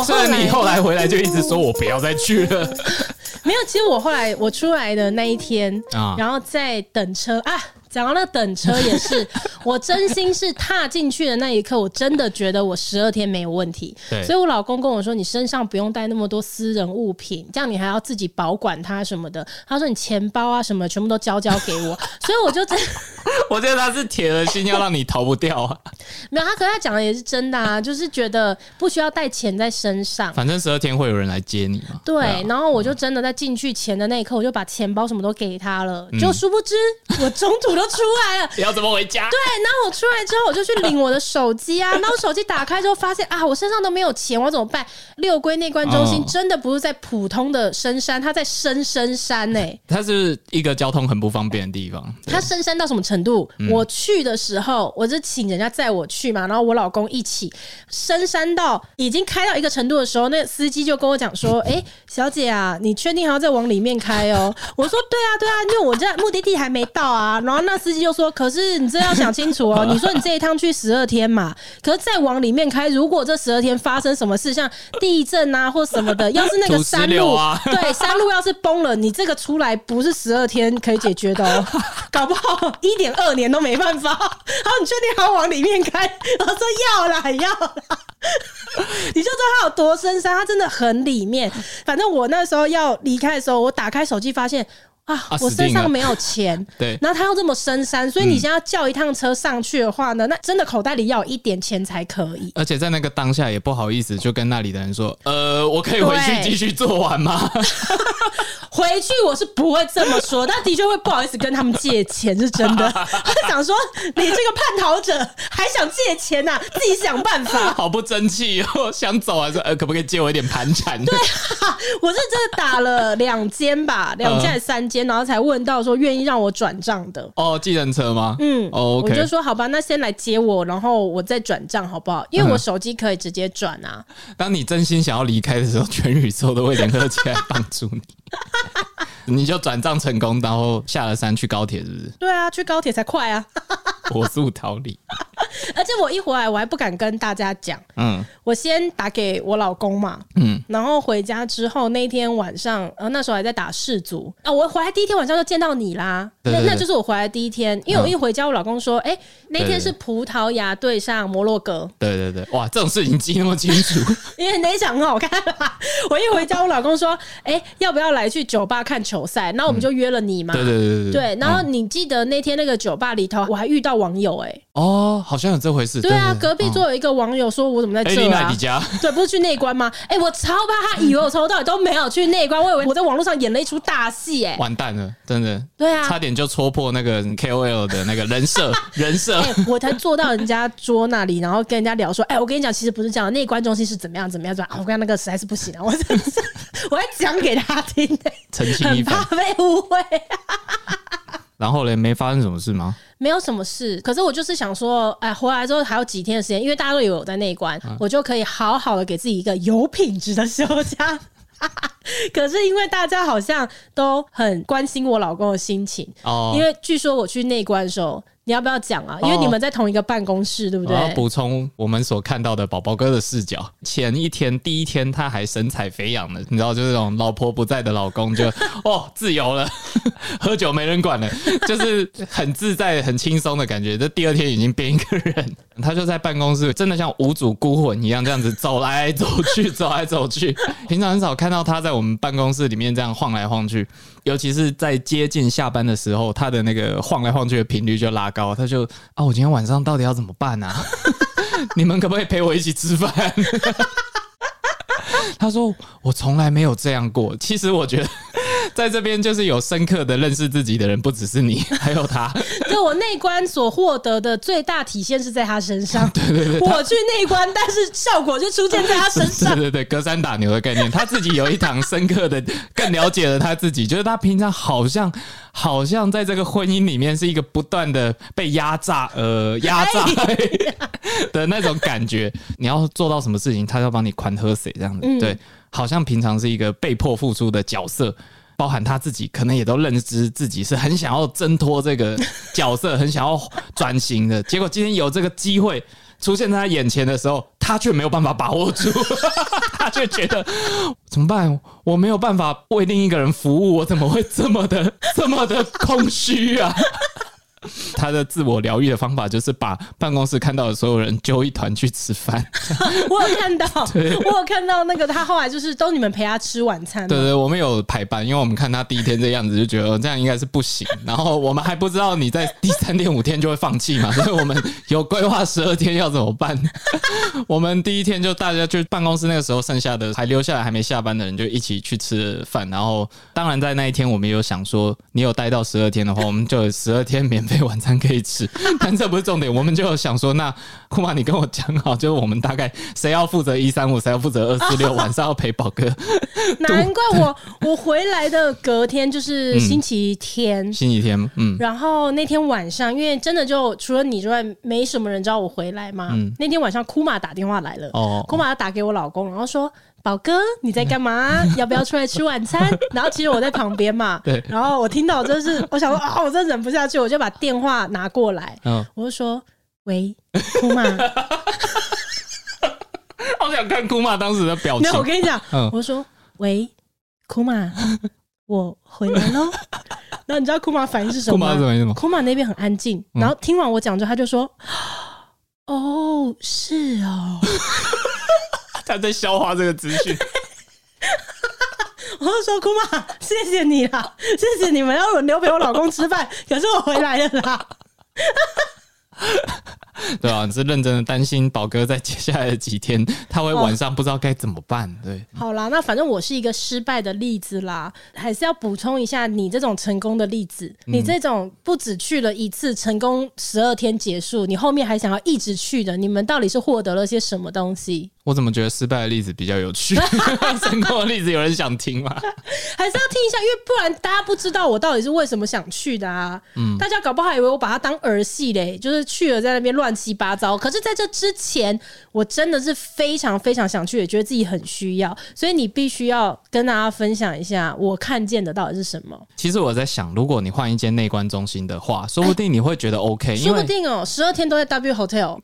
雖然你後來回來就一直說，我不要再去了，嗯、 沒有。其實我後來我出來的那一天、嗯、然後在等車啊。講到那等車也是， 我真心是踏進去的那一刻，我真的覺得我十二天沒有問題。對所以我老公跟我說：“你身上不用帶那麼多私人物品，這樣你還要自己保管它什麼的。”他說：“你錢包啊什麼，全部都交交給我。” 所以我就真的，我覺得他是鐵了心我要讓你逃不掉啊。沒有，可是他跟他講的也是真的啊，就是覺得不需要帶錢在身上，反正十二天會有人來接你嘛。對，對啊、然後我就真的在進去前的那一刻，嗯、我就把錢包什麼都給他了，嗯、就殊不知我中途都我出來了，你要怎麼回家？對，然後我出來之後，我就去領我的手機啊。然後我手機打開之後，發現啊，我身上都沒有錢，我怎麼辦？六龜內觀中心真的不是在普通的深山，它在深深山呢。它是一個交通很不方便的地方。它深山到什麼程度？我去的時候，我是請人家載我去嘛，然後我老公一起。深山到已經開到一個程度的時候，那司機就跟我講說：“哎，小姐啊，你確定還要再往裡面開哦、喔？”我說：“對啊，對啊，因為我這目的地還沒到啊。”然後那。那司機就說：“可是你這要想清楚哦，你說你這一趟去十二天嘛，可是再往裡面開，如果這十二天發生什麼事，像地震啊或什麼的，要是那個山路，啊，對山路要是崩了，你這個出來不是十二天可以解決的哦，搞不好一點二年都沒辦法。好，你確定還要往裡面開？”然後說：“要啦，要啦。”你就知道它有多深山，它真的很裡面。反正我那時候要離開的時候，我打開手機發現。啊，我身上沒有錢。對、啊，然後他要這麼深山，所以你先要叫一趟車上去的話呢，嗯、那真的口袋裡要有一點錢才可以。而且在那個當下也不好意思就跟那裡的人說，呃，我可以回去繼續做完嗎？對 回去我是不會這麼說，但的確會不好意思跟他們借錢，是真的。 想說你這個叛逃者還想借錢吶、啊，自己想辦法。好不爭氣哦，想走還是呃，可不可以借我一點盤纏？對、啊，我是真的打了兩間吧，兩間、嗯、還是三間。然後才問到說，願意讓我轉賬的哦，計程車嗎？嗯、哦、OK，我就說好吧，那先來接我，然後我再轉賬好不好？因為我手機可以直接轉啊、嗯。當你真心想要離開的時候，全宇宙都會聯合起來幫助你， 你就轉賬成功，然後下了山去高鐵，是不是？對啊，去高鐵才快啊， 火速逃離。而且我一回來，我還不敢跟大家講。嗯，我先打給我老公嘛。嗯，然後回家之後，那天晚上，呃，那時候還在打世足。啊、呃，我回來第一天晚上就見到你啦。那那就是我回來第一天，因為我一回家，我老公說：“哎、嗯欸，那天是葡萄牙對上摩洛哥。”對對對，哇，這種事情記那麼清楚， 因為那一場很好看啦。我一回家，我老公說：“哎、欸，要不要來去酒吧看球賽？”那我們就約了你嘛。對、嗯、對對對對。對，然後你記得那天那個酒吧裡頭，我還遇到網友哎、欸。哦，好。好像有這回事，對啊，對隔壁桌、嗯、有一個網友說，我怎麼在這、啊欸？你你家？對，不是去內觀嗎？哎、欸，我超怕他以為我從頭到尾都沒有去內觀，我以為我在網絡上演了一出大戲、欸，哎，完蛋了，真的，對啊，差點就戳破那個 K O L 的那個人設， 人設設、欸，我才坐到人家桌那裡，然後跟人家聊說，哎、欸，我跟你講，其實不是這樣，內觀中心是怎麼樣，怎麼樣，怎麼樣？我跟他那個實在是不行、啊，我真是，我還講給他聽、欸，澄清你怕被誤會。 然後嘞，沒發生什麼事嗎？沒有什麼事，可是我就是想說，哎，回來之後還有幾天的時間，因為大家都有在內觀、啊、我就可以好好的給自己一個有品質的休假。 可是因為大家好像都很關心我老公的心情，哦，因為據說我去內觀的時候。你要不要講啊？因為你們在同一個辦公室，哦、對不對？我要補充我們所看到的寶寶哥的視角。前一天第一天他還神采飛揚的，你知道，就是那種老婆不在的老公就哦自由了，喝酒沒人管了，就是很自在、很輕鬆的感覺。這第二天已經變一個人，他就在辦公室，真的像無主孤魂一樣，這樣子走來走去，走來走去。平常很少看到他在我們辦公室裡面這樣晃來晃去。尤其是在接近下班的時候，他的那個晃來晃去的頻率就拉高，他就啊，我今天晚上到底要怎麼辦啊？ 你們可不可以陪我一起吃飯？ 他說我從來沒有這樣過。其實我覺得。在這邊就是有深刻的認識自己的人，不只是你，還有他。 就我內觀所獲得的最大體現是在他身上。 對對對，我去內觀，他但是效果就出現在他身上。對對對，隔山打牛的概念，他自己有一堂深刻的，更了解了他自己。 就是他平常好像好像在這個婚姻裡面是一個不斷的被壓榨，呃，壓榨的那種感覺。哎、呀你要做到什麼事情，他要幫你寬喝水這樣子。嗯、對，好像平常是一個被迫付出的角色。包含他自己，可能也都認知自己是很想要掙脫這個角色， 很想要轉型的。結果今天有這個機會出現在他眼前的時候，他卻沒有辦法把握住， 他卻覺得 怎麼辦？我沒有辦法為另一個人服務，我怎麼會這麼的 這麼的空虛啊？他的自我療癒的方法就是把辦公室看到的所有人揪一團去吃飯。 我有看到，我有看到那個他後來就是都你們陪他吃晚餐。對對，對，我們有排班，因為我們看他第一天這樣子，就覺得這樣應該是不行。然後我們還不知道你在第三天五天就會放棄嘛，所以我們有規劃十二天要怎麼辦。我們第一天就大家就辦公室那個時候剩下的還留下來還沒下班的人就一起去吃飯。然後當然在那一天我們也有想說，你有待到十二天的話，我們就十二天免。晚餐可以吃，但這不是重點。我們就想說，那庫瑪，你跟我講好，就是我們大概誰要負責一三五，誰要負責二四六，晚上要陪寶哥。Oh、 難怪我對，我回來的隔天就是星期天，嗯、星期天嗯。然後那天晚上，因為真的就除了你之外，沒什麼人知道我回來嘛。嗯、那天晚上，庫瑪打電話來了。哦。庫瑪要打給我老公，然後說。寶哥，你在幹嘛？對要不要出來吃晚餐？然後其實我在旁邊嘛，對。然後我聽到，真是我想說啊，我真忍不下去，我就把電話拿過來。嗯，我就說喂，庫瑪。好想看庫瑪當時的表情。沒有，我跟你講，嗯、我就說喂，庫瑪，我回來了囉 然那你知道庫瑪反應是什麼嗎？庫瑪那邊很安靜。然後聽完我講之後，他就說：“嗯、哦，是哦。” 他在消化這個資訊。我就說姑媽，謝謝你啦，謝謝你們要輪流陪我老公吃飯。可是我回來了啦。 對啊，你是認真的擔心寶哥在接下來的幾天他會晚上不知道該怎麼辦。對、哦，好啦，那反正我是一個失敗的例子啦，還是要補充一下你這種成功的例子。你這種不止去了一次，成功十二天結束，你後面還想要一直去的，你們到底是獲得了些什麼東西？我怎麼覺得失敗的例子比較有趣？ 成功的例子有人想聽嗎？還是要聽一下，因為不然大家不知道我到底是為什麼想去的啊。嗯，大家搞不好以為我把它當兒戲嘞，就是去了在那邊亂亂七八糟。可是，在這之前，我真的是非常非常想去，也覺得自己很需要，所以你必須要跟大家分享一下我看見的到底是什麼。其實我在想，如果你換一間內觀中心的話，說不定你會覺得 OK、欸。因為，說不定哦，十二天都在 W Hotel，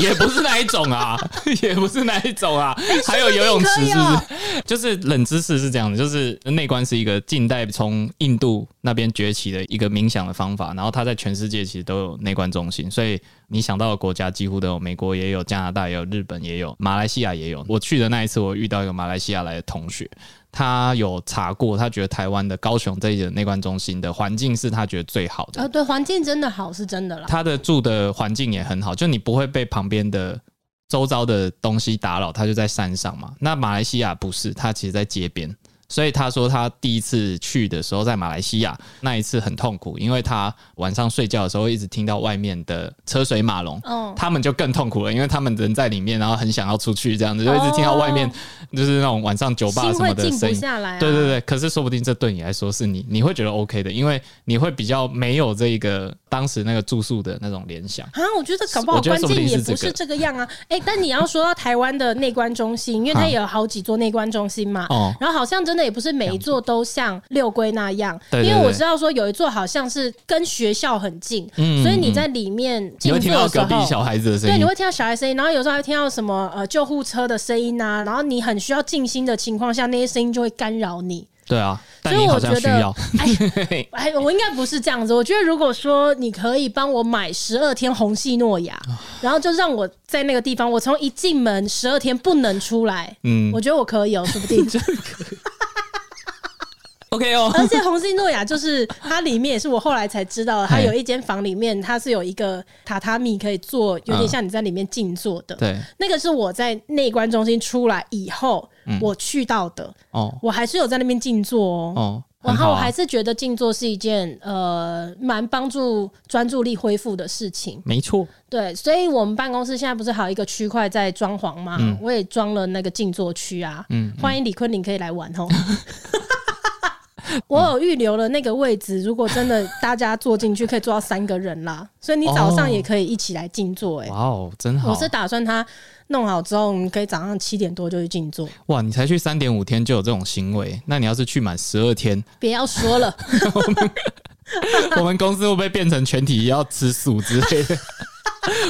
也不是那一種啊， 也不是那一種啊。 還有游泳池是不是？是哦、就是冷知識是這樣的，就是內觀是一個近代從印度那邊崛起的一個冥想的方法，然後它在全世界其實都有內觀中心，所以你。想到的國家幾乎都有，美國也有，加拿大也有，日本也有，馬來西亞也有。我去的那一次，我遇到一個馬來西亞來的同學，他有查過，他覺得台灣的高雄這裡的內觀中心的環境是他覺得最好的。啊、哦，對，環境真的好，是真的啦。他的住的環境也很好，就你不會被旁邊的、周遭的東西打擾，他就在山上嘛。那馬來西亞不是，他其實在街邊。所以他說他第一次去的時候，在馬來西亞那一次很痛苦，因為他晚上睡覺的時候一直聽到外面的車水馬龍。哦、他們就更痛苦了，因為他們人在裡面，然後很想要出去這樣子，就一直聽到外面就是那種晚上酒吧什麼的聲音。啊、對對對，可是說不定這對你來說是你你會覺得 OK 的，因為你會比較沒有這一個當時那個住宿的那種聯想啊。我覺得搞不好關鍵也不是這個樣啊，哎、欸，但你要說到台灣的內觀中心，因為它也有好幾座內觀中心嘛，哦，然後好像真。那也不是每一座都像六龜那樣，樣因為我知道說有一座好像是跟學校很近，對對對，所以你在裡面靜坐的時候，你會聽到隔壁小孩子的聲音，對，你會聽到小孩聲音，然後有時候還聽到什麼呃救護車的聲音吶、啊，然後你很需要靜心的情況下，那些聲音就會干擾你。對啊，但好像需要所以我覺得，哎需要，哎，我應該不是這樣子。我覺得如果說你可以幫我買十二天紅系諾亞，然後就讓我在那個地方，我從一進門十二天不能出來，嗯，我覺得我可以哦、喔，說不定。OK 哦、oh， 而且紅星諾亞就是它裡面也是我後來才知道，它有一間房裡面它是有一個榻榻米可以坐，有點像你在裡面靜坐的。對，那個是我在內觀中心出來以後我去到的。哦，我還是有在那邊靜坐哦。然後我還是覺得靜坐是一件呃蠻幫助專注力恢復的事情。沒錯，對，所以我們辦公室現在不是還有一個區塊在裝潢嗎？我也裝了那個靜坐區啊，嗯，歡迎李坤林可以來玩哦。 我有預留了那個位置，嗯、如果真的大家坐進去，可以坐到三個人啦。所以你早上也可以一起來靜坐。欸，哎，哇哦，真好！我是打算他弄好之後，我們可以早上七點多就去靜坐。哇，你才去三點五天就有這種行為，那你要是去滿十二天，別要說了， 我們公司會不會變成全體要吃素之類的？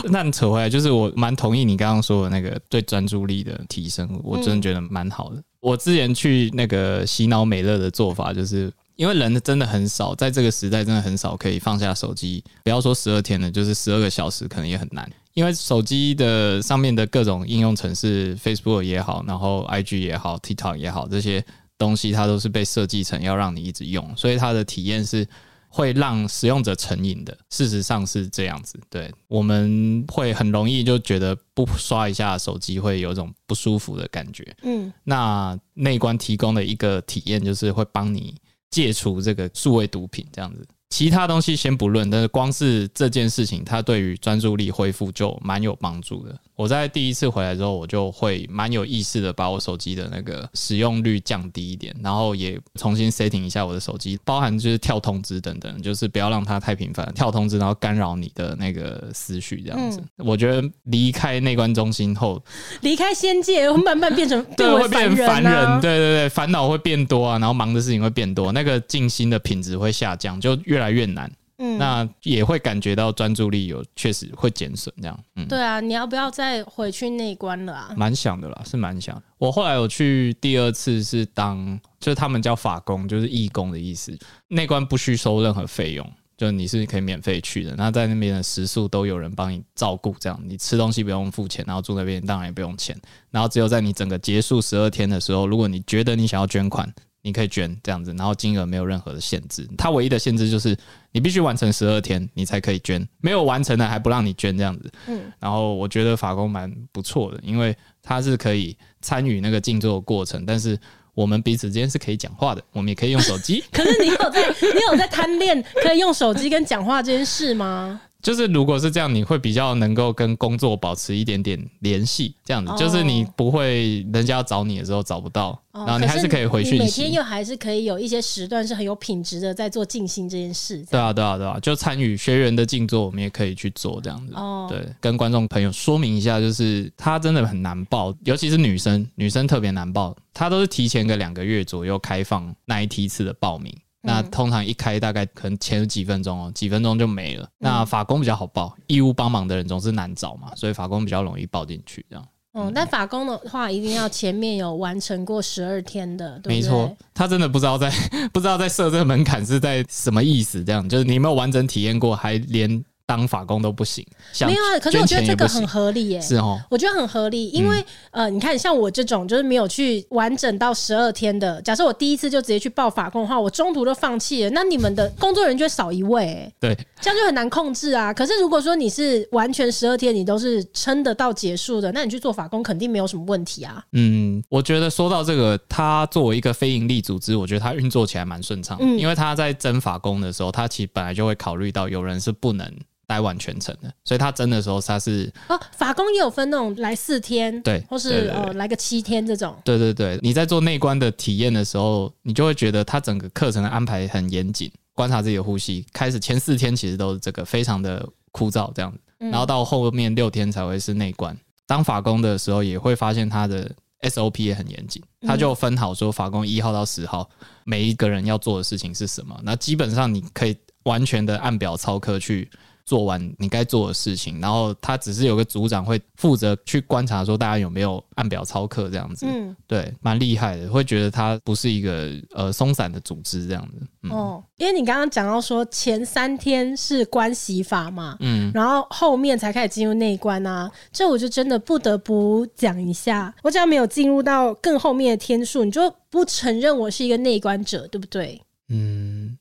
那你扯回，欸，來，就是我蠻同意你剛剛說的那個對專注力的提升，我真的覺得蠻好的。嗯我之前去那個洗腦美樂的做法，就是因為人真的很少，在這個時代真的很少可以放下手機。不要說十二天了，就是十二個小時可能也很難，因為手機的上面的各種應用程式，Facebook 也好，然後 IG 也好，TikTok 也好，這些東西它都是被設計成要讓你一直用，所以它的體驗是會讓使用者成癮的，事實上是這樣子。對，我們會很容易就覺得不刷一下手機會有一種不舒服的感覺。嗯，那內觀提供的一個體驗就是會幫你戒除這個數位毒品這樣子。其他東西先不論，但是光是這件事情，它對於專注力恢復就蠻有幫助的。我在第一次回來之後，我就會蠻有意識的把我手機的那個使用率降低一點，然後也重新 setting 一下我的手機，包含就是跳通知等等，就是不要讓它太頻繁跳通知，然後干擾你的那個思緒這樣子。嗯、我覺得離開內觀中心後，離開仙界，慢慢變成對會變煩人、啊，對對對，煩惱會變多啊，然後忙的事情會變多，那個靜心的品質會下降，就越。越來越難，嗯，那也會感覺到專注力有確實會減損這樣，嗯，對啊，你要不要再回去內觀了啊？蠻想的啦，是蠻想的。我後來我去第二次是當，就是他們叫法工，就是義工的意思。內觀不需收任何費用，就是你是可以免費去的。那在那邊的食宿都有人幫你照顧，這樣你吃東西不用付錢，然後住那邊當然也不用錢。然後只有在你整個結束十二天的時候，如果你覺得你想要捐款。你可以捐這樣子，然後金額沒有任何的限制，它唯一的限制就是你必須完成十二天，你才可以捐，沒有完成的還不讓你捐這樣子。嗯，然後我覺得法工蠻不錯的，因為它是可以參與那個靜坐的過程，但是我們彼此之間是可以講話的，我們也可以用手機。可是你有在， 你有在貪戀可以用手機跟講話這件事嗎？就是如果是這樣，你會比較能夠跟工作保持一點點聯繫，這樣子。哦、就是你不會人家要找你的時候找不到，哦、然後你還是可以回訊息。你每天又還是可以有一些時段是很有品質的，在做靜心這件事這。對啊，對啊，對啊。就參與學員的靜坐，我們也可以去做這樣子。哦，對，跟觀眾朋友說明一下，就是它真的很難報，尤其是女生，女生特別難報。它都是提前個兩個月左右開放那一梯次的報名。那通常一開大概可能前幾分鐘哦，幾分鐘就沒了。那法工比較好報，義務幫忙的人總是難找嘛，所以法工比較容易報進去這樣。嗯、哦，但法工的話一定要前面有完成過十二天的，對不對？沒錯。他真的不知道在，不知道在設這個門檻是在什麼意思，這樣，就是你有沒有完整體驗過，還連。當法工都不行，沒有啊。可是我覺得這個很合理耶。欸，是哦。我覺得很合理，因為、嗯、呃，你看像我這種就是沒有去完整到十二天的，假設我第一次就直接去報法工的話，我中途就放棄了，那你們的工作人員就會少一位。欸， 對，這樣就很難控制啊。可是如果說你是完全十二天，你都是撐得到結束的，那你去做法工肯定沒有什麼問題啊。嗯，我覺得說到這個，他作為一個非營利組織，我覺得他運作起來蠻順暢，嗯、因為他在徵法工的時候，他其實本來就會考慮到有人是不能待完全程的，所以他真的時候，他是哦，法工也有分那種來四天，對，或是對對對、哦、來個七天這種。對對對，你在做內觀的體驗的時候，你就會覺得他整個課程的安排很嚴謹，觀察自己的呼吸。開始前四天其實都是這個，非常的枯燥這樣子，然後到後面六天才會是內觀。嗯、當法工的時候，也會發現他的 SOP 也很嚴謹，他就分好說，法工一號到十號，每一個人要做的事情是什麼。那基本上你可以完全的按表操課去做完你該做的事情，然後他只是有個組長會負責去觀察，說大家有沒有按表操課這樣子，嗯，對，蠻厲害的，會覺得他不是一個呃鬆散的組織這樣子。嗯、哦，因為你剛剛講到說前三天是觀息法嘛，嗯，然後後面才開始進入內觀啊，這我就真的不得不講一下，我只要沒有進入到更後面的天數，你就不承認我是一個內觀者，對不對？嗯，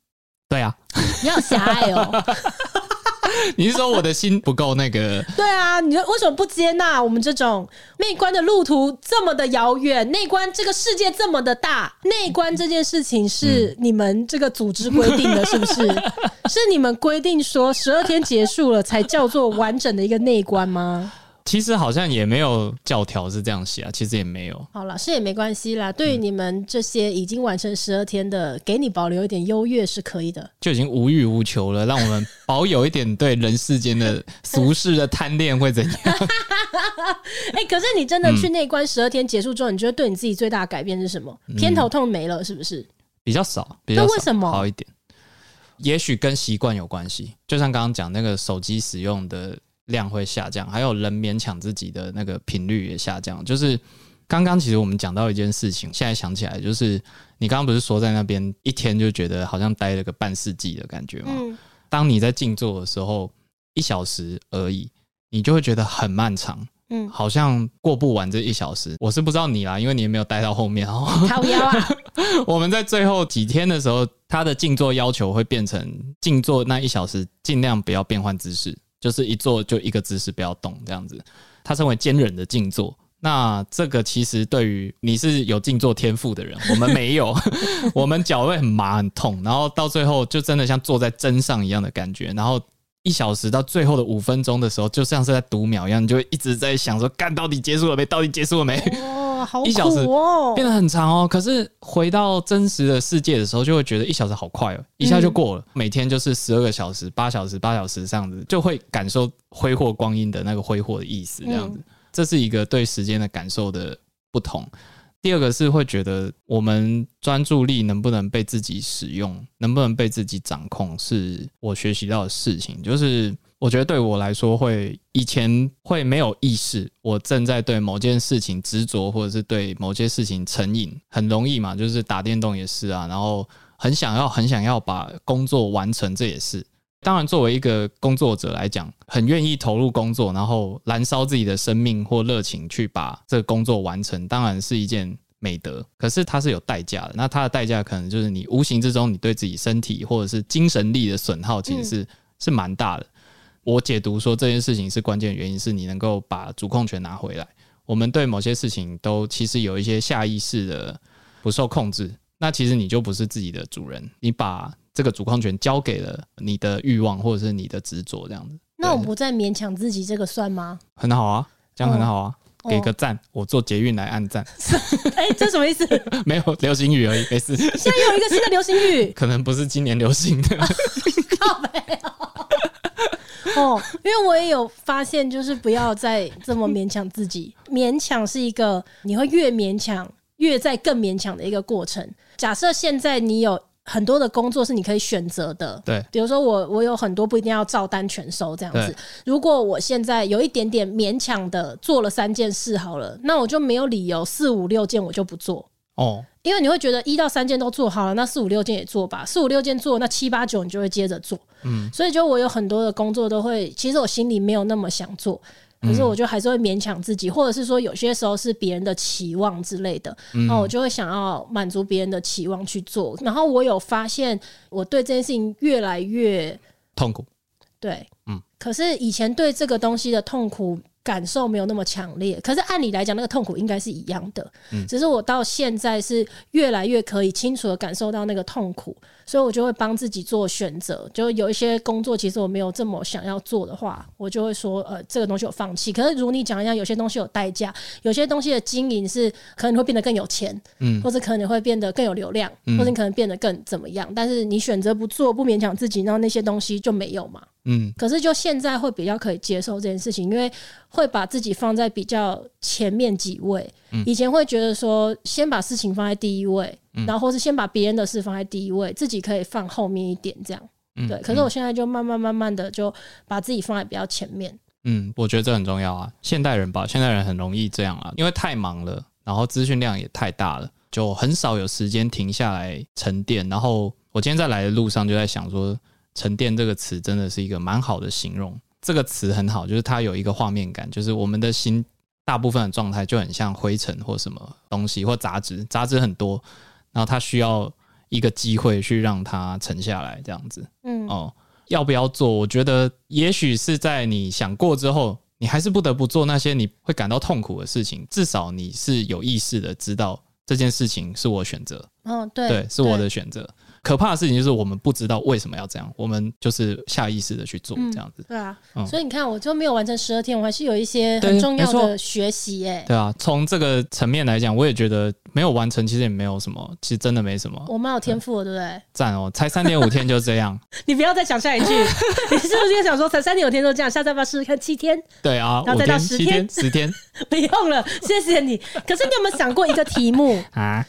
對啊，你要狹隘哦。 你是說我的心不夠那個？ 對啊，你說為什麼不接納我們這種內觀的路途這麼的遙遠？內觀這個世界這麼的大，內觀這件事情是你們這個組織規定的是不是？ 是你們規定說十二天結束了才叫做完整的一個內觀嗎？其實好像也沒有教條是這樣寫啊，其實也沒有。好，老師也沒關係啦。對於你們這些已經完成十二天的，給你保留一點優越是可以的。就已經無欲無求了，讓我們保有一點對人世間的俗世的貪戀會怎樣？哎、 欸，可是你真的去內觀十二天結束之後，你覺得對你自己最大的改變是什麼？偏頭痛沒了，是不是、嗯？比較少，比較少，為什麼好一點？也許跟習慣有關係。就像剛剛講那個手機使用的。量會下降，還有人勉強自己的那個頻率也下降。就是剛剛其實我們講到一件事情，現在想起來，就是你剛剛不是說在那邊一天就覺得好像待了個半世紀的感覺嗎？嗯。當你在靜坐的時候，一小時而已，你就會覺得很漫長，嗯，好像過不完這一小時。我是不知道你啦，因為你也沒有待到後面哦、喔。好不好啊！ 我們在最後幾天的時候，他的靜坐要求會變成靜坐那一小時，盡量不要變換姿勢。就是一坐就一個姿勢，不要動這樣子。它稱為堅忍的靜坐。那這個其實對於你是有靜坐天賦的人，我們沒有， 我們腳會很麻很痛，然後到最後就真的像坐在針上一樣的感覺。然後一小時到最後的五分鐘的時候，就像是在讀秒一樣，你就會一直在想說，幹，到底結束了沒？到底結束了沒？哦哇好酷哦、一小時變得很長哦。可是回到真實的世界的時候，就會覺得一小時好快哦，一下就過了。嗯、每天就是十二個小時、八小時、八小時這樣子，就會感受揮霍光陰的那個揮霍的意思，這樣子。嗯、這是一個對時間的感受的不同。第二個是會覺得，我們專注力能不能被自己使用，能不能被自己掌控，是我學習到的事情，就是。我覺得對我來說會以前會沒有意識，我正在對某件事情執着，或者是對某件事情成癮，很容易嘛，就是打電動也是啊，然後很想要很想要把工作完成，這也是。當然，作為一個工作者來講，很願意投入工作，然後燃燒自己的生命或熱情去把這個工作完成，當然是一件美德。可是它是有代價的，那它的代價可能就是你無形之中你對自己身體或者是精神力的損耗，其實是、嗯、是蠻大的。我解讀說這件事情是關鍵原因，是你能夠把主控權拿回來。我們對某些事情都其實有一些下意識的不受控制，那其實你就不是自己的主人，你把這個主控權交給了你的欲望或者是你的執着這樣子。那我不再勉強自己，這個算嗎？很好啊，這樣很好啊，哦、給個讚，哦、我坐捷運來按讚。哎、欸，這什麼意思？ 沒有流行語而已，沒事。現在有一個新的流行語，可能不是今年流行的。沒有、啊。哦，因為我也有發現，就是不要再這麼勉強自己，勉強是一個你會越勉強越在更勉強的一個過程。假設現在你有很多的工作是你可以選擇的，對，比如說我我有很多不一定要照單全收這樣子。對如果我現在有一點點勉強的做了三件事好了，那我就沒有理由四五六件我就不做，哦，因為你會覺得一到三件都做好了，那四五六件也做吧，四五六件做，那七八九你就會接着做。嗯，所以就我有很多的工作都會，其實我心裡沒有那麼想做，可是我就還是會勉強自己，嗯、或者是說有些時候是別人的期望之類的，那、嗯、我就會想要滿足別人的期望去做。然後我有發現，我對這件事情越來越痛苦。對，嗯，可是以前對這個東西的痛苦。感受沒有那麼強烈，可是按理來講，那個痛苦應該是一樣的。嗯，只是我到現在是越來越可以清楚的感受到那個痛苦，所以我就會幫自己做選擇。就有一些工作，其實我沒有這麼想要做的話，我就會說，呃，這個東西我放棄。可是，如你講一樣，有些東西有代價，有些東西的經營是可能會變得更有錢，嗯，或者可能會變得更有流量，嗯，或者你可能變得更怎麼樣。但是你選擇不做，不勉強自己，然後那些東西就沒有嘛。嗯，可是就現在會比較可以接受這件事情，因為會把自己放在比較前面幾位。嗯，以前會覺得說先把事情放在第一位，嗯，然後是先把別人的事放在第一位，自己可以放後面一點這樣。嗯，對，可是我現在就慢慢慢慢的就把自己放在比較前面。嗯，我覺得這很重要啊。現代人吧，現代人很容易這樣啊，因為太忙了，然後資訊量也太大了，就很少有時間停下來沉澱。然後我今天在來的路上就在想說。沉澱這個詞真的是一個蠻好的形容，這個詞很好，就是它有一個畫面感，就是我們的心大部分的狀態就很像灰塵或什麼東西，或雜質，雜質很多，然後它需要一個機會去讓它沉下來，這樣子。嗯，哦，要不要做？我覺得也許是在你想過之後，你還是不得不做那些你會感到痛苦的事情，至少你是有意識的知道這件事情是我選擇。嗯，哦，對，對，是我的選擇。可怕的事情就是我們不知道為什麼要這樣，我們就是下意識的去做這樣子。嗯、對啊，嗯、所以你看，我就沒有完成十二天，我還是有一些很重要的學習誒、欸。對啊，從這個層面來講，我也覺得沒有完成其實也沒有什麼，其實真的沒什麼。我蠻有天賦的，對不對？讚哦對、喔，才三點五天就這樣。 你不要再想下一句， 你是不是想說才三點五天就這樣？下次要不要試試看七天？對啊，然後再到十天，十天，天 不用了，謝謝你。可是你有沒有想過一個題目啊？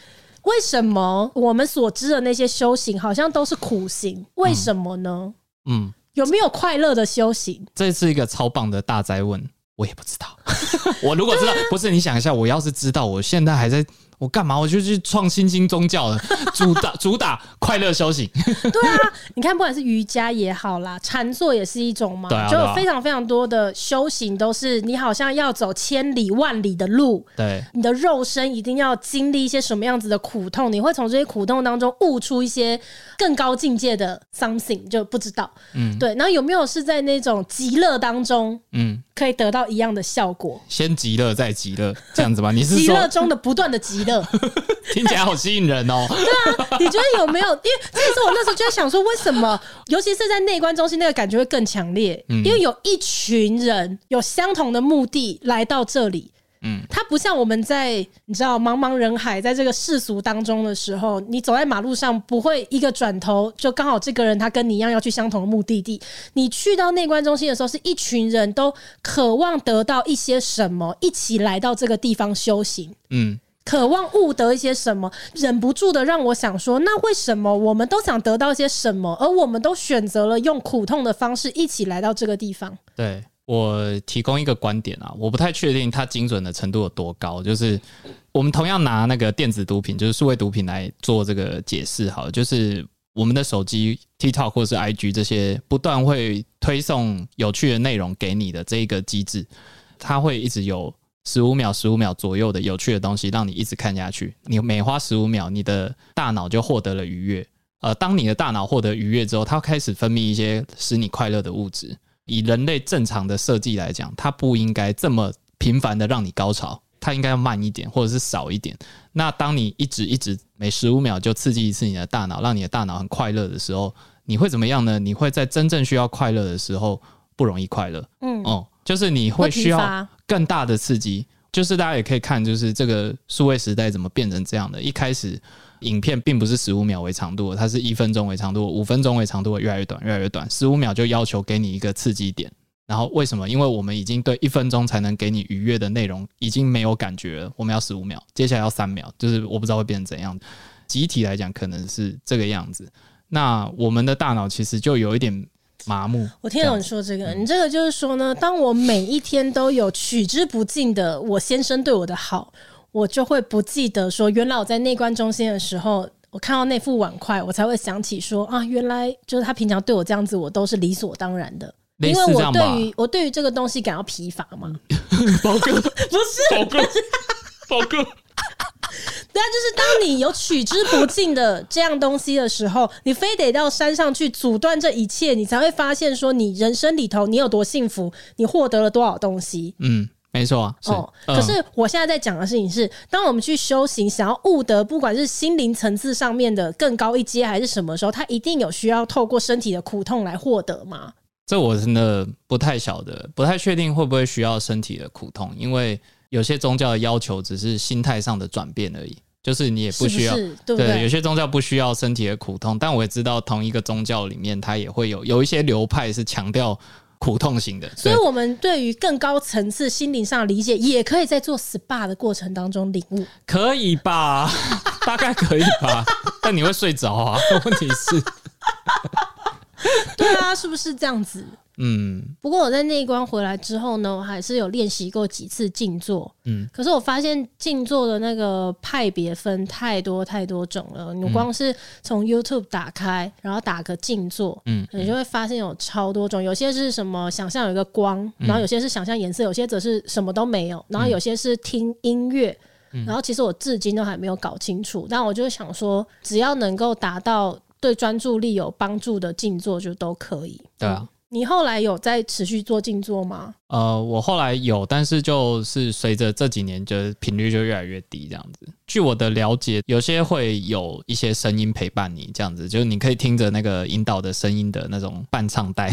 為什麼我們所知的那些修行好像都是苦行？為什麼呢？嗯，嗯，有沒有快樂的修行？這是一個超棒的大哉問，我也不知道。 我如果知道，啊、不是，你想一下，我要是知道，我現在還在。我幹嘛？我就去創新興宗教了，主打 主打，主打快樂修行。對啊， 你看，不管是瑜伽也好啦，禪坐也是一種嘛，啊、就有非常非常多的修行，都是你好像要走千里萬里的路，對，你的肉身一定要經歷一些什麼樣子的苦痛，你會從這些苦痛當中悟出一些更高境界的 something，就不知道，嗯，對。然後有沒有是在那種極樂當中，嗯，可以得到一樣的效果？嗯、先極樂，再極樂，這樣子吧。對你是極樂中的不斷的極。 聽起來好吸引人哦、喔！ 對啊，你覺得有沒有？因為這也是我那時候就在想說，為什麼？尤其是在內觀中心，那個感覺會更強烈。嗯，因為有一群人有相同的目的來到這裡，嗯，它不像我們在你知道茫茫人海，在這個世俗當中的時候，你走在馬路上不會一個轉頭就剛好這個人他跟你一樣要去相同的目的地。你去到內觀中心的時候，是一群人都渴望得到一些什麼，一起來到這個地方修行，嗯。渴望悟得一些什麼，忍不住的讓我想說，那為什麼我們都想得到一些什麼，而我們都選擇了用苦痛的方式一起來到這個地方。對，我提供一個觀點啊，我不太確定它精準的程度有多高。就是我們同樣拿那個電子毒品，就是數位毒品來做這個解釋，好，就是我們的手機 TikTok 或是 IG 這些不斷會推送有趣的內容給你的這個機制，它會一直有。十五秒，十五秒左右的有趣的東西，讓你一直看下去。你每花十五秒，你的大腦就獲得了愉悅。呃，當你的大腦獲得愉悅之後，它開始分泌一些使你快樂的物質。以人類正常的設計來講，它不應該這麼頻繁的讓你高潮，它應該要慢一點，或者是少一點。那當你一直一直每十五秒就刺激一次你的大腦，讓你的大腦很快樂的時候，你會怎麼樣呢？你會在真正需要快樂的時候不容易快樂。嗯，哦、嗯。就是你會需要更大的刺激，就是大家也可以看，就是這個數位時代怎麼變成這樣的。一開始影片並不是十五秒為長度，它是一分鐘為長度，五分鐘為長度越來越短，越來越短，十五秒就要求給你一個刺激點。然後為什麼？因為我們已經對一分鐘才能給你愉悅的內容已經沒有感覺了，我們要十五秒，接下來要三秒，就是我不知道會變成怎樣。集體來講，可能是這個樣子。那我們的大腦其實就有一點。麻木。我聽懂你說這個，這嗯、你這個就是說呢，當我每一天都有取之不盡的我先生對我的好，我就會不記得說，原來我在內觀中心的時候，我看到那副碗筷，我才會想起說啊，原來就是他平常對我這樣子，我都是理所當然的，因為我對於我對於這個東西感到疲乏嘛。寶 哥 不是，寶哥，寶 哥。 當你有取之不盡的這樣東西的時候，你非得到山上去阻斷這一切，你才會發現說你人生裡頭你有多幸福，你獲得了多少東西。嗯，沒錯、啊。哦，嗯、可是我現在在講的事情是，當我們去修行，想要悟得不管是心靈層次上面的更高一階還是什麼時候，它一定有需要透過身體的苦痛來獲得嗎？這我真的不太曉得，不太確定會不會需要身體的苦痛，因為有些宗教的要求只是心態上的轉變而已。就是你也不需要，是是對，對，對，有些宗教不需要身體的苦痛，但我也知道同一個宗教裡面，它也會有有一些流派是強調苦痛型的，所以，我們對於更高層次心靈上的理解，也可以在做 SPA 的過程當中領悟，可以吧？ 大概可以吧？ 但你會睡着啊？問題是？對啊，是不是這樣子？嗯。不過我在那一關回來之後呢，我還是有練習過幾次靜坐。嗯。可是我發現靜坐的那個派別分太多太多種了。嗯，你光是從 YouTube 打開，然後打個靜坐，嗯，嗯，你就會發現有超多種。有些是什麼想象有一個光，然後有些是想象顏色，有些則是什麼都沒有，然後有些是聽音樂。然後其實我至今都還沒有搞清楚。嗯，但我就想說，只要能夠達到。對專注力有幫助的靜坐就都可以。對啊，你後來有在持續做靜坐嗎？呃，我後來有，但是就是隨着這幾年，就是頻率就越來越低，這樣子。據我的了解，有些會有一些聲音陪伴你，這樣子就是你可以聽着那個引導的聲音的那種伴唱帶，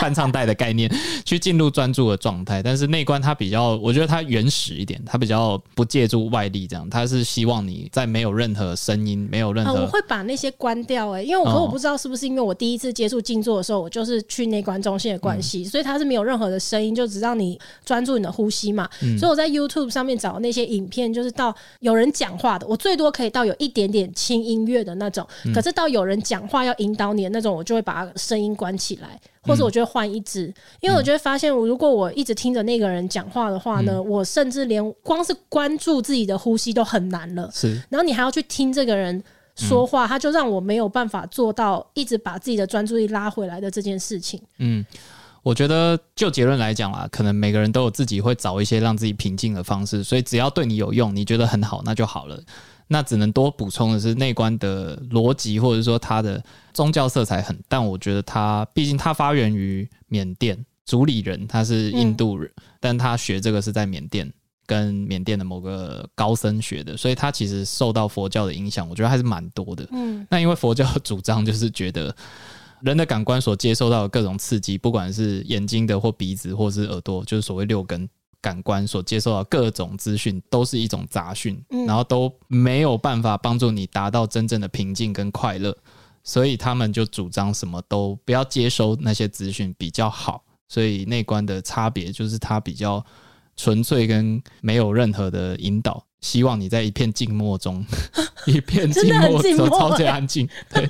伴唱帶的概念 去進入專注的狀態。但是內觀它比較，我覺得它原始一點，它比較不借助外力，這樣，它是希望你在沒有任何聲音、沒有任何、嗯……我會把那些關掉誒、欸，因為說我，我不知道是不是因為我第一次接觸靜坐的時候，我就是去內觀中心的關係，嗯、所以它是沒有任何的聲音，就只讓你專注你的呼吸嘛。嗯、所以我在 YouTube 上面找那些影片，就是到。有人講話的，我最多可以到有一點點輕音樂的那種，嗯、可是到有人講話要引導你的那種，我就會把聲音關起來，或者我就會換一支，嗯、因為我就會發現，我、嗯、如果我一直聽着那個人講話的話呢，嗯、我甚至連光是關注自己的呼吸都很難了，是。然後你還要去聽這個人說話，嗯、他就讓我沒有辦法做到一直把自己的專注力拉回來的這件事情，嗯。我覺得，就結論來講啊，可能每個人都有自己會找一些讓自己平靜的方式，所以只要對你有用，你覺得很好，那就好了。那只能多補充的是，內觀的邏輯或者說它的宗教色彩很淡，但我覺得它畢竟它發源於緬甸，主理人他是印度人，嗯、但他學這個是在緬甸跟緬甸的某個高僧學的，所以他其實受到佛教的影響，我覺得還是蠻多的。嗯，那因為佛教的主張就是覺得。人的感官所接受到的各種刺激，不管是眼睛的或鼻子，或是耳朵，就是所謂六根感官所接受到的各種資訊，都是一種雜訊，嗯、然後都沒有辦法幫助你達到真正的平靜跟快樂，所以他們就主張什麼都不要接收那些資訊比較好。所以內觀的差別就是它比較。純粹跟沒有任何的引導，希望你在一片靜默中，呵呵，一片靜默中超級安靜。 對，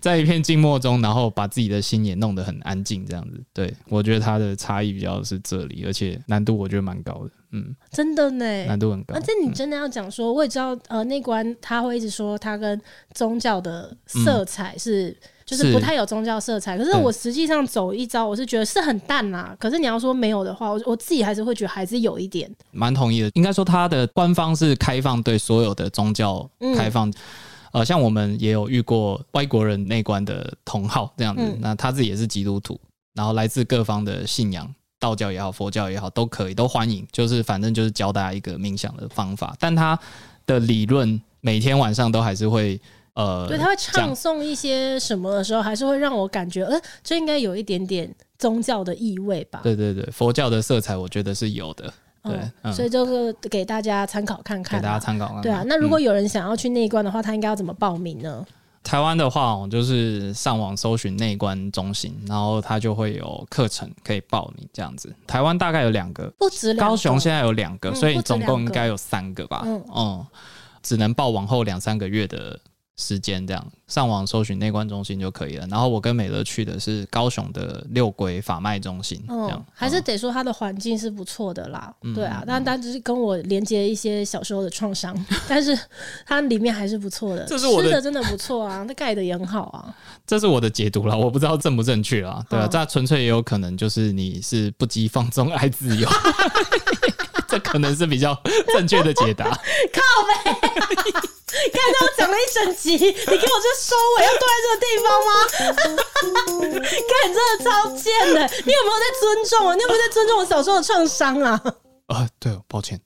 在一片靜默中，然後把自己的心也弄得很安靜，這樣子。對，我覺得它的差異比較是這裡，而且難度我覺得蠻高的。嗯，真的呢，難度很高。而且、啊、你真的要講說，嗯、我也知道，呃，那關他會一直說他跟宗教的色彩是。就是不太有宗教色彩，是嗯、可是我實際上走一遭，我是覺得是很淡啦、啊。可是你要說沒有的話，我我自己還是會覺得還是有一點。蠻同意的，應該說他的官方是開放，對所有的宗教開放，嗯、呃，像我們也有遇過外國人內觀的同好這樣子。嗯、那他自己也是基督徒，然後來自各方的信仰，道教也好，佛教也好，都可以都歡迎。就是反正就是教大家一個冥想的方法，但他的理論每天晚上都還是會。呃，對，他會唱誦一些什麼的時候，還是會讓我感覺，呃，這應該有一點點宗教的意味吧？對對對，佛教的色彩我覺得是有的。對，所以就是給大家參考看看。給大家參考看看。對啊，那如果有人想要去內觀的話，他應該要怎麼報名呢？台灣的話，就是上網搜尋內觀中心，然後他就會有課程可以報名，這樣子。台灣大概有兩個，不止，高雄現在有兩個，所以總共應該有三個吧？嗯，只能報往後兩三個月的。時間這樣，上網搜尋內觀中心就可以了。然後我跟美樂去的是高雄的六龜法邁中心，這樣、嗯嗯、還是得說它的環境是不錯的啦。嗯、對啊，嗯、但但只是跟我連接一些小時候的創傷，嗯、但是它裡面還是不錯的。這是我的，吃的真的不錯啊，那蓋的也很好啊。這是我的解讀了，我不知道正不正確啊。對啊，嗯、這純粹也有可能就是你是不羈放縱愛自由，啊、 這可能是比較正確的解答靠北。靠北。你看到我講了一整集，你給我這收尾要對在這個地方嗎？哈，看你真的超賤的，你有沒有在尊重我？你有沒有在尊重我小時候的創傷啊？啊、呃，對、哦，抱歉。